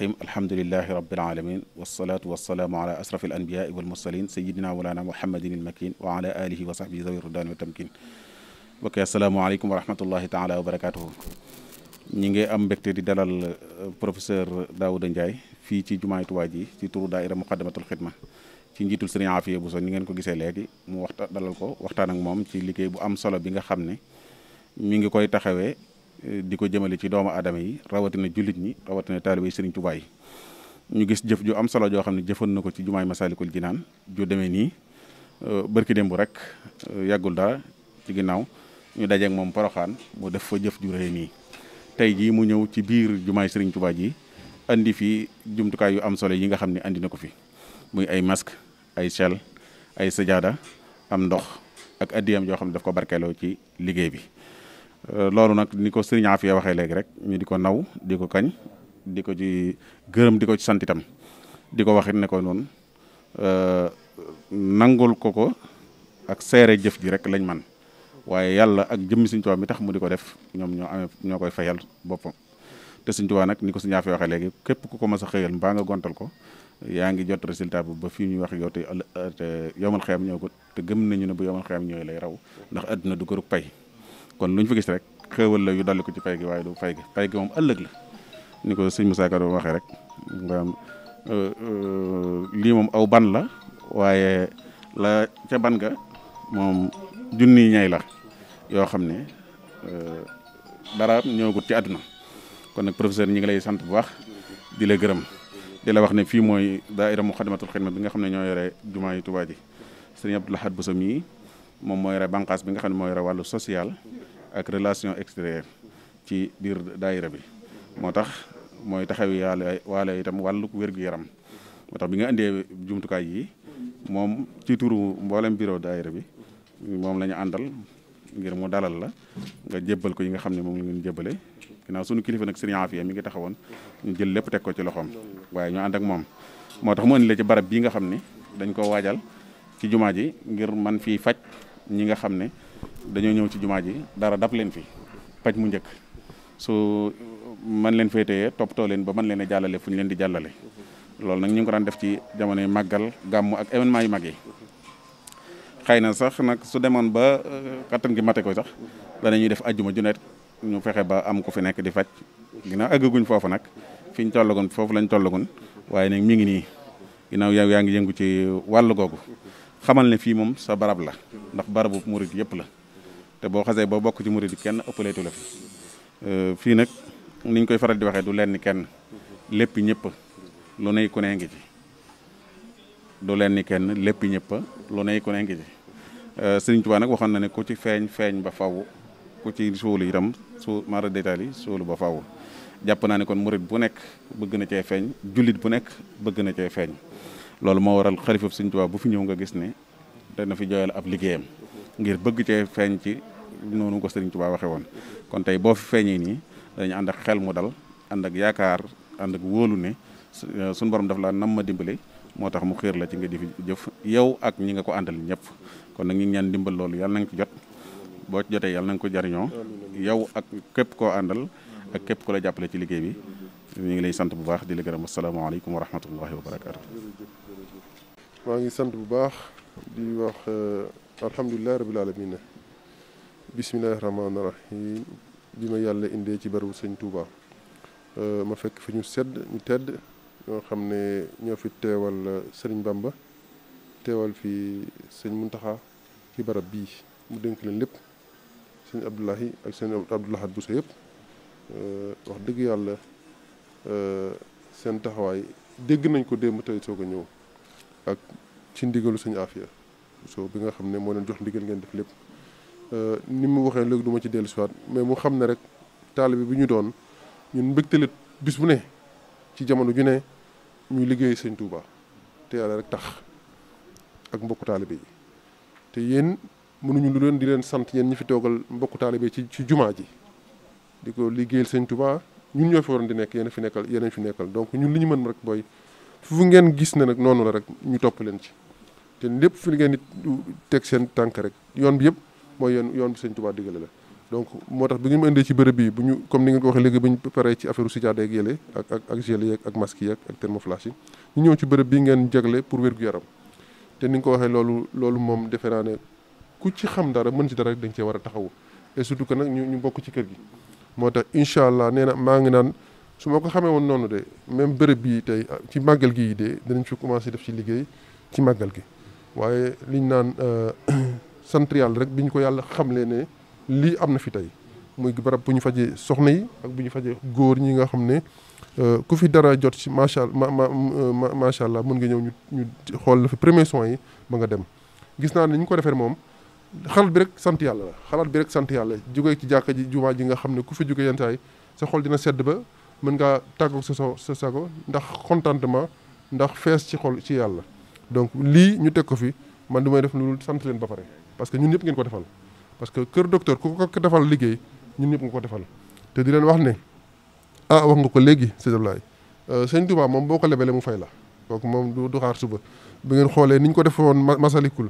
rahim alhamdulilahi rabilalamin walsalaatu walsalaamu ala ashraf al anbiyai walmursalin sayidina walana muhammadin ilmakin wa ala alihi wa sahbihi zawi rudani wa tamkin bokk asalaamualeykum wa rahmatullahi taala wa barakatuhu ñi ngi am mbégte di dalal euh, professeur Daouda Ndiaye fii ci jumaay Tuubaa ji ci turu daaira muqaddamatul xidma ci njiitul sëriñ Afiya Buso ni ngeen ko gisee léegi mu waxta dalal ko waxtaan ak moom ci liggéey bu am solo bi nga xam ne mi ngi koy taxawee di ko jëmale ci doomu aadama yi rawatina jullit ñi rawatina taaliba yi Sëriñ Tuubaa yi ñu gis jëf ju am solo joo xam ne jëfoon na ko ci jumaay Masaalikul Jinaan ju demee nii euh, bërki démb rek euh, yàggul daa ci ginnaaw ñu dajeeg moom Poroxaan mu def fa jëf ju rëy nii tey jii mu ñëw ci biir jumaay Sëriñ Tuubaa ji indi fii jumtukaay yu am solo yi nga xam ne andi na ko fi muy ay masque ay sel ay sajaada am ndox ak addiyam yoo xam ne daf ko barkeloo ci liggéey bi Euh, loolu nag ni ko sëriñ Afia waxee léegi rek ñu di ko naw di ko kañ di ko ci gërëm di ko ci sant itam di ko waxit ne ko noonu euh, nangul ko ko ak seere jëf ji rek lañ man waaye yàlla ak jëmmi Sëriñ Tuubaa mi tax mu di ko def ñoom ñoo amee ñoo koy fayal boppa te Sëriñ Tuubaa nag ni ko Sëriñ Afia waxee léegi képp ku ko mas a xëyal mbaa nga gontal ko yaa ngi jot résultat ba fii ñuy wax yow te yomal xeyam ñëw ko te gëm nañu ne bu yomal xeyam ñëwee lay raw ndax àdduna du gërug pay kon lu ñu fa gis rek xéewal la yu dolli ko ci fay gi waaye du fay gi fay gi moom ëllëg la ni ko sëñ Moussa Kado waxee rek euh, euh, lii moom aw ban la waaye la ca ban ga moom junni ñay la yoo xam ne euh, dara ñëwagut ci àdduna kon nag professeur ñi ngi lay sant bu baax di la gërëm di la wax ne fii mooy daa daaira Muxaddamatul ma bi nga xam ne ñoo yore jumaa yi Tuubaa ji sëriñ Abdou Lahad Bousso mii moom mooy yore bànqaas bi nga xam ne moo yore wàllu social ak relation extérieure ci biir daayira bi moo tax mooy taxaw yàlla waale itam wàllug wér yaram moo tax bi nga indee jumtukaay yi moom ci turu mboolem bureau daayira bi moom lañu àndal ngir mu dalal la nga jébbal ko yi nga xam ne moom la jébbale ginnaaw sunu kilifa nag sëriñ Afia mi ngi taxawoon ñu jël lépp teg ko ci loxoom waaye ñu ànd ak moom moo tax mu indi ci barab bii nga xam ne dañ ko waajal ci jumaa ji ngir man fii faj ñi nga xam ne dañoo ñëw ci jumaa ji dara dab leen fi paj mu njëkk su man leen féetee toppatoo leen ba man leen a jàllale fu ñu leen di jàllale loolu nag ñu ngi ko daan def ci jamonoy màggal gàmmu ak événement yu mag yi xëy na sax nag su demoon ba euh, kattan gi mate koy sax dana danañuy def ajjuma ju nekk ñu fexe ba am ko fi nekk di faj ginnaaw àggaguñ foofu nag fi ñu tollagoon foofu lañu tollagoon waaye nag mi ngi nii ginnaaw yow yaa ngi yëngu ci wàll googu xamal ne fii moom sa barab la ndax barabu murid yépp la te boo xasee ba bokk ci murid kenn ëppaleetu la fi euh, fii nag niñ koy faral di waxe du leen kenn lépp ñëpp lu nay ku nee ngi ci du leen kenn lépp ñëpp lu nay ku ngi ci euh, Sëriñ nag waxoon na ne ku ci feeñ feeñ ba faw ku ci suulu itam su mara détail yi ba faw jàpp naa ne kon murid bu nekk bëgg na cee feeñ jullit bu nekk bëgg na cee feeñ loolu moo waral xalifa Sëriñ Tuubaa bu fi ñëw nga gis ne na fi jooyal ab liggéeyam ngir bëgg cee feeñ ci noonu ko Sëriñ Tuubaa waxe woon kon tey boo fi feeñee nii dañu ànd ak xel mu dal ànd ak yaakaar ànd ak wóolu ne suñu euh, borom daf laa nam ma dimbale moo tax mu xiir la ci nga di fi jëf yow ak ñi nga ko àndal ñëpp kon nag ñu ñaan dimbal loolu yàlla na nga ko jot boo ci jotee yàlla na nga ko jariñoo yow ak képp koo àndal ak képp ku la jàppale ci liggéey bi ñu ngi lay sant bu baax di la gërëm asalaamaaleykum wa rahmatullahi wa barakaatu. maa ngi sant bu baax di wax eh, alhamdulilah rabil aalamiina bisimilah rahmaani rahiim bi ma yàlla indee ci barabu sëñ Touba eh, ma fekk fi ñu sedd ñu tedd ñoo xam ne ñoo fi teewal eh, Serigne Bamba teewal fi sëñ Muntaxa ci barab bii mu dénk leen lépp sëñ Abdoulahi ak sëñ Abdoulahad Bousso yëpp. Euh, wax dëgg yàlla euh, seen taxawaay dégg nañ ko démb tey soog a ñëw ak ci ndigalu suñu aafiya soo bi nga xam ne moo leen jox ndigal ngeen def lépp euh, ni mu waxee léegi duma ci dellu siwaat mais mu xam ne rek taalibe bi ñu doon ñun mbégtale bis bu ne ci jamono ju ne ñu liggéey sëñ Touba te yàlla rek tax ak mbokku taalibe yi te yéen mënuñu lu leen di leen sant yéen ñu fi toogal mbokku taalibe ci ci jumaa ji di ko liggéeyal sëñ Touba ñun ñoo fi waroon di nekk yéen fi nekkal yeneen fi nekkal donc ñun li ñu mën rek booy fu ngeen gis ne nag noonu la rek ñu topp leen ci te lépp fi ngeen di teg seen tànk rek yoon bi yëpp mooy yoon yoon bi sëñ Touba digale la. donc moo tax bi ngeen indee ci bërëb yi bu ñu comme ni nga waxee léegi bu ñu ci affaire sijaada ak yële ak ak ak gel yi ak masque yi ak thermoflash ci bërëb bi ngeen jagle pour wér-gu-yaram te ni nga ko waxee loolu loolu moom defe naa ku ci xam dara mën ci dara rek dañ cee war a taxawu et surtout que nag ñu ñu bokk ci kër gi moo tax incha allah nee na maa ngi naan su ma ko xamee woon noonu de même bërëb bii tey ci màggal gi de danañ fi commencé def ci liggéey ci màggal gi waaye liñ naan euh, sant yàlla rek bi ñu ko yàlla xamlee ne lii am na fi tey muy barab bu ñu fajee soxna yi ak bu ñu fajee góor ñi nga xam ne euh, ku fi dara jot ci macha ma ma macha allah mën ngi ñëw ñu ñu xool la fi premier soin yi ba nga dem gis naa ni ñu ko defee moom. xalaat bi rek sant yàlla la xalaat bi rek sant yàlla jógee ci jàkka ji jumaa ji nga xam ne ku fi jóge yentaay sa xol dina sedd ba mën ngaa tàggoog sa sa sago ndax contentement ndax fees ci xol ci yàlla donc lii ñu teg ko fi man du may def lu sant leen ba pare parce que ñun ñëpp ngeen ko defal parce que kër docteur ku ko defal liggéey ñun ñëpp nga ko defal te di leen wax ne ah wax nga ko léegi sëñ lay euh, sëñ Touba moom boo ko lebelee mu fay la kooku moom du xaar suba bi ngeen xoolee ni ñu ko defoon masalikul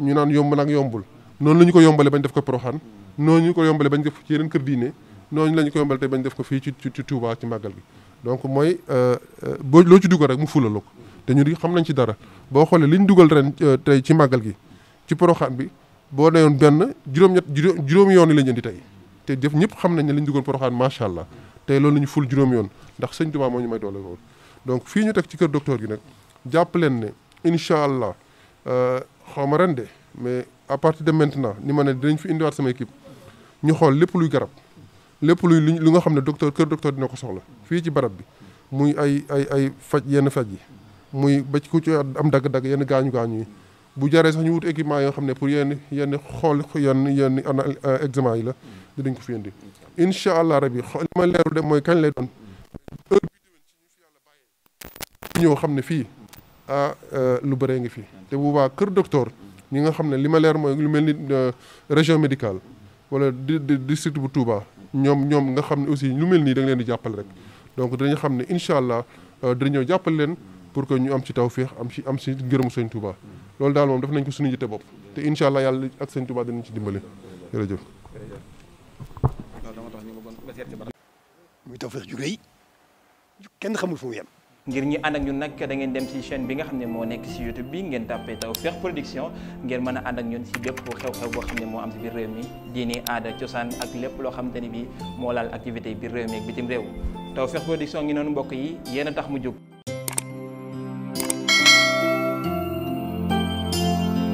ñu naan yomb nag yombul noonu la ñu ko yombale bañ def ko Poroxaan noonu ñu ko yombale bañ def ci yeneen kër diine noonu la ñu ko yombale tey bañ def ko fii ci ci Touba ci màggal gi donc mooy euh, euh, boo loo ci dugal rek mu fulaloo ko te ñu di xam nañ ci dara boo xoolee li ñu dugal ren euh, tey ci màggal gi ci Poroxaan bi boo neyoon benn juróom-ñett juróomi yoon yi la ñu indi tey te jëf ñëpp xam nañ ne li ñu dugal Poroxaan macha allah tey loolu la ñu ful juróomi yoon ndax sëñ Touba moo ñu may doole loolu donc fii ñu teg ci kër docteur gi nag jàpp leen ne incha allah xaw ren de mais à partir de maintenant ni ma ne dinañ fi indiwaat sama équipe ñu xool lépp luy garab lépp luy lu nga xam ne docteur kër doctor dina ko soxla fii ci barab bi muy ay ay ay faj yenn faj yi muy ba ci ku ci am dagg-dagg yenn gaañu gaañu yi bu jaree sax ñu wut équipement yoo xam ne pour yenn yenn xool yenn yenn euh, examen yi la dinañ ko fi indi incha allah rabi xool li ma leeru dem mooy kañ lay doon heure bi ñëw xam ne fii ah euh, lu bëree ngi fii te bu baax kër docteur ñi nga xam ne li ma leer mooy lu mel ni euh, région médical wala district bu Touba ñoom ñoom nga xam ne aussi lu mel nii da leen di jàppale rek donc dinañu xam ne incha allah euh, dinañoo jàppale leen pour que ñu am ci tawféex am ci am ci ngërëmu sëñ Touba loolu daal moom def nañ ko suñu jite bopp te incha allah yàlla ak sëñ Touba dinañ ci dimbali jërëjëf. muy tawféex ju rëy kenn xamul fu mu ngir ñi ànd ak ñun nag da dem ci chaîne bi nga xam ne moo nekk ci YouTube bi ngeen tàppee Tawfekh Production ngeen mën a ànd ak ñun ci bépp xew-xew boo xam ne moo am ci biir réew mi diini aada cosaan ak lépp loo xam ni bi moo laal activité biir réew mi ak bitim réew Tawfekh Production ngi noonu mbokk yi yéen a tax mu jóg